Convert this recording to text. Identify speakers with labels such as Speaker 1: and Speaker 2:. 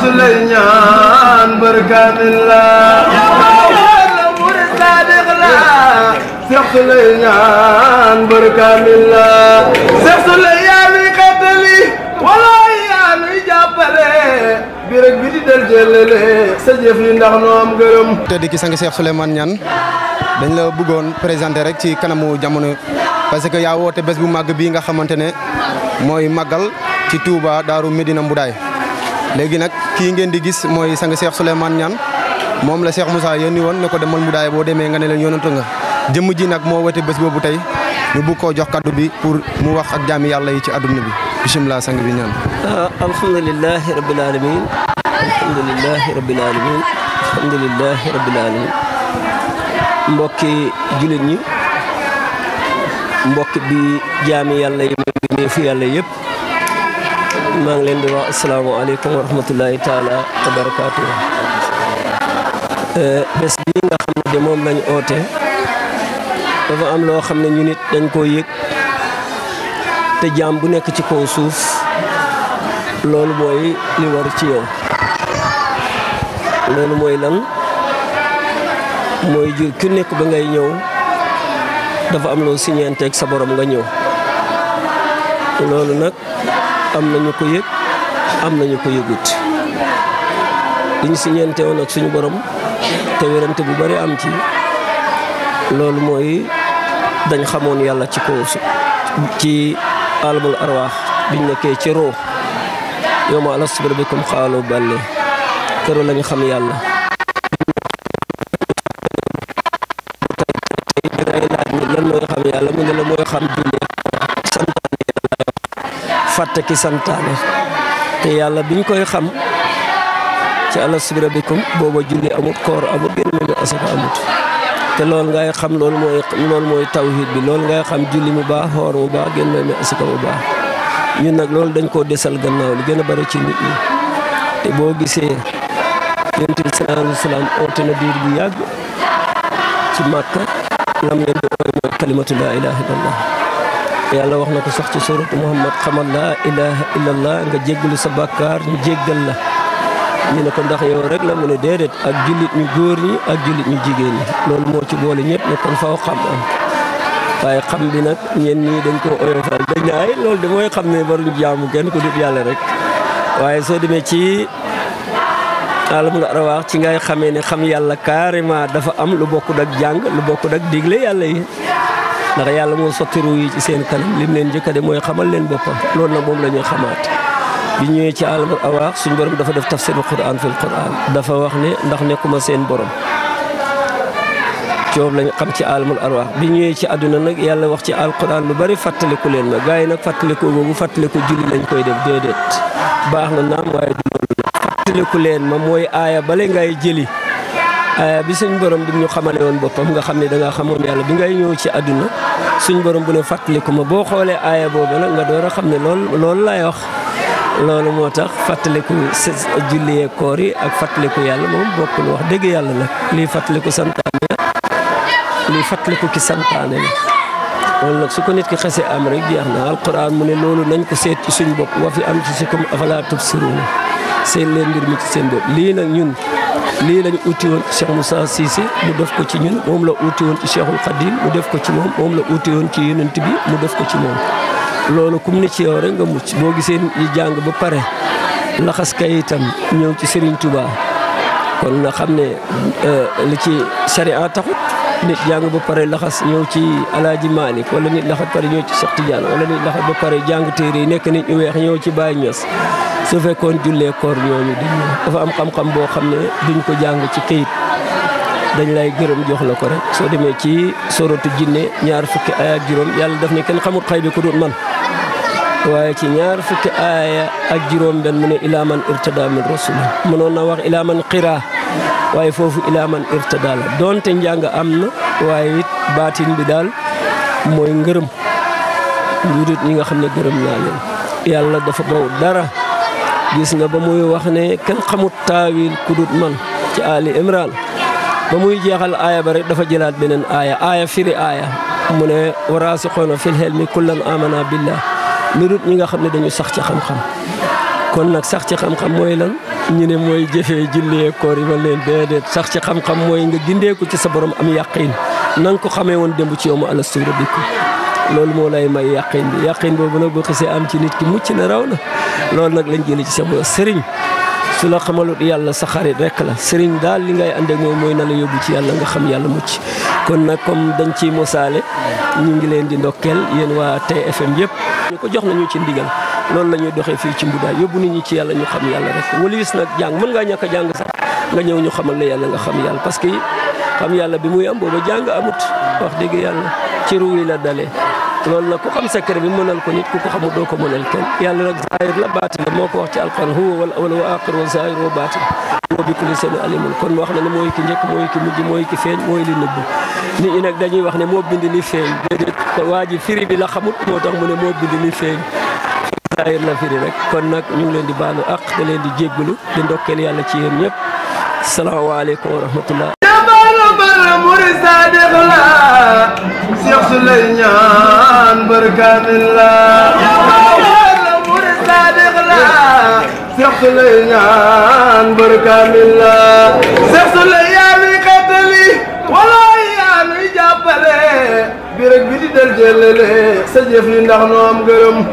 Speaker 1: su lay ñaan barkaamil la yàlla mur sadiq la seex su lay ñaan barkaamil la seex su lay yaanuy xettali wala yaanuy jàppale bi rek bi di del jëlele sa jëf yi ndax noo am gërëm tëdd ki sang Cheikh Souleymane Niane dañ la bëggoon présenter rek ci kanamu jamono parce que yaa woote bés bu màgg bii nga xamante ne mooy màggal ci Touba Daaru Medina Mbudaay léegi nak ki ngeen di gis moy sang Cheikh souleyman Niane mom la Cheikh Moussa yónni won ne ko demal mudaay bo deme nga ne leen yónnatu nga jëm ji nak mo wété bëss bobu tay ñu bu ko jox kaddu bi pour mu wax ak jami yalla yi ci aduna bi bismillah sang bi ñaan. Ah, alhamdulillah rabbil alamin Alhamdulillah rabbil alamin Alhamdulillah rabbil alamin mbokki julit ñi mbokk bi jami yalla yi mo ngi fi yalla yépp maa ngi leen di wax asalaamaaleykum wa rahmatullahi taala wa barakaatu. Eh, bés bii nga xam ne de moom lañ oote dafa am loo xam ne ñu nit dañ koo yëg te jaam bu nekk ci kaw suuf loolu mooy li war ci yow loolu mooy lan mooy jur ku nekk ba ngay ñëw dafa am loo siñeenteeg sa borom nga ñëw loolu nag am nañu ko yëg am nañu ko yëgut li ñu siñeente suñu borom te wérante bu bari am ci loolu mooy dañ xamoon yàlla ci ko ci alamul arwaax biñ nekkee ci roo yow ma alastu bi rabbikum xaaloo bàlle këro lañ xam yàlla lan mooy xam yàlla mu ne la mooy xam ci santaane te yàlla biñ koy xam ci alastu bi rabbikum booba julli amut koor amut génn mel ni amut te loolu ngay xam loolu mooy loolu mooy tawhid bi lool ngay xam julli mu baax xoor mu baax génn mel ni mu baax ñun nag loolu dañ koo desal gannaaw li gën a bari ci nit ñi te boo gisee yonent bi sallallahu alayhi wa sallam oote na bu yàgg ci màkka lam leen di ooy mooy kalimatu laa ilaaha illallah yàlla wax na ko sax ci suratu muhammad xamal laa ilaha illallah nga jéggalu sa bàkkaar ñu jéggal la ñu ne ko ndax rek la mu ne déedéet ak jullit ñu góor ñi ak jullit ñu jigéen ñi loolu moo ci boole ñëpp ne kon faaw xam am waaye xam bi nag ñenn ñi dañ koo oyofal dañ loolu de xam ne waruñ jaamu kenn ku dul yàlla rek waaye soo demee ci alam nga rawaax ci ngay xamee ne xam yàlla carrément dafa am lu bokkut ak jàng lu bokku ak digle yàlla yi ndax yàlla moo sotti ruu yi ci seen kanam lim leen njëkk de mooy xamal leen boppam loolu nag moom la ñuy xamaat bi ñëwee ci alamul awaax suñ borom dafa def tafsirul quran fil quran dafa wax ne ndax nekkuma seen borom coob lañ xam ci alamul arwaax bi ñëwee ci àdduna nag yàlla wax ci alquran lu bari fàttaliku leen ma nag yi nag fàttaliku boobu fàttaliku julli lañ koy def déedéet baax na naam waaye du loolu leen ma mooy aaya bale ngay jëli Eh, bi suñ borom bi ñu xamale woon boppam nga xam ne da ngaa xamoon yàlla bi ngay ñëw ci àdduna suñ borom bu ne fàttaliku ma boo xoolee aaya boobu la nga door a xam ne loolu loolu laay wax. loolu moo tax fàttaliku sa julli koor yi ak fattaliku yàlla moom bokkul wax dëgg yàlla la lii fàttaliku santaane la lii fàttaliku ki santaane la loolu nag su ko nit ki xasee am rek jeex na alquran mu ne loolu nañ ko seet ci suñ bopp wa fi am afalaa tubsiruun seen leen mbir mi ci seen bopp lii nag ñun. lii la ñu uti woon Cheikh Moussa Cissé mu def ko ci ñun moom la uti woon ci Cheikhul Khadim mu def ko ci moom moom la uti woon ci yonent bi mu def ko ci moom. loolu kum ni ci yow rek nga mucc boo gisee ñu jàng ba pare laxas itam ñëw ci Serigne Touba kon nga xam ne euh, li ci sariya taxut. nit jàng ba pare laxas ñëw ci alaaji Malick wala nit laxas pare ñëw ci Cheikh Tidiane wala nit laxas ba pare jàng yi nekk nit ñu weex ñëw ci Baye Niass su fekkoon jullee kor ñooñu dañ dafa am xam-xam boo xam ne duñ ko jàng ci këyit dañ lay gërëm jox la ko rek soo demee ci sorotu jinne ñaar fukki aaya ak juróom yàlla def na kenn xamut xay bi ku dul man waaye ci ñaar fukki aaya ak juróom benn mu ne ilaa man irtada min rasul mënoon na wax ilaa man qiraa waaye foofu ilaa man irtada la doonte njàng am na waaye it baatin bi daal mooy ngërëm njurut ñi nga xam ne gërëm naa leen yàlla dafa baw dara gis nga ba muy wax ne kenn xamut taawil kudut man ci Ali Imran ba muy jeexal aaya ba rek dafa jëlaat beneen aaya aaya firi aaya mu ne waraasixoona fil helmi kullan amana billah lu ñi nga xam ne dañu sax ci xam-xam kon nag sax ci xam-xam mooy lan ñu ne mooy jëfee jullee koor yi ma leen déedéet sax ci xam-xam mooy nga gindeeku ci sa borom am yàqin na ko xamee woon démb ci yowma alastu rabbikum loolu moo lay may yàqin bi yàqin boobu nag boo xisee am ci nit ki mucc na raw na loolu nag lañ jëlee ci sa seriñ su la xamalut yàlla sa xarit rek la sëriñ daal li ngay ànd ak moom mooy na la yóbbu ci yàlla nga xam yàlla mucc kon nag comme dañ ciy mosaale ñu ngi leen di ndokkeel yéen waa TFM yëpp ñu ko jox nañu ci ndigal loolu la ñuy doxee fii ci mbudaay yóbbu nit ñi ci yàlla ñu xam yàlla rek waliis nag jàng mën ngaa ñàkk a jàng sax nga ñëw ñu xamal la yàlla nga xam yàlla parce que xam yàlla bi muy am booba jàng amut wax dëgg yàlla ci ruuri la dalee loolu nag ku xam sa kër bi mënal ko nit ku ko xamul doo ko mënal kenn yàlla nag zahir la baatin la moo ko wax ci alquran huwa wal awwal wa aaxir wa zahir wa baatin wa bi kulli shay'in alimun kon wax na ne mooy ki njëkk mooy ki mujj mooy ki feeñ mooy li nëbb nit ñi nag dañuy wax ne moo bind li feeñ déedéet waa ji firi bi la xamut moo tax mu ne moo bind li feeñ zahir la firi rek kon nag ñu ngi leen di baalu ak da leen di jéggalu di ndokkeel yàlla ci yéen ñëpp salaamaaleykum wa rahmatullah la muri saadiq la Cheikh Souleymane barkaamil la la muri saadiq la Cheikh Souleymane barkaamil la Cheikh Souleymane yi xettali wala yaa nuy jàppale bi rek bi di del jëlale sa jëf yi ndax noo am gërëm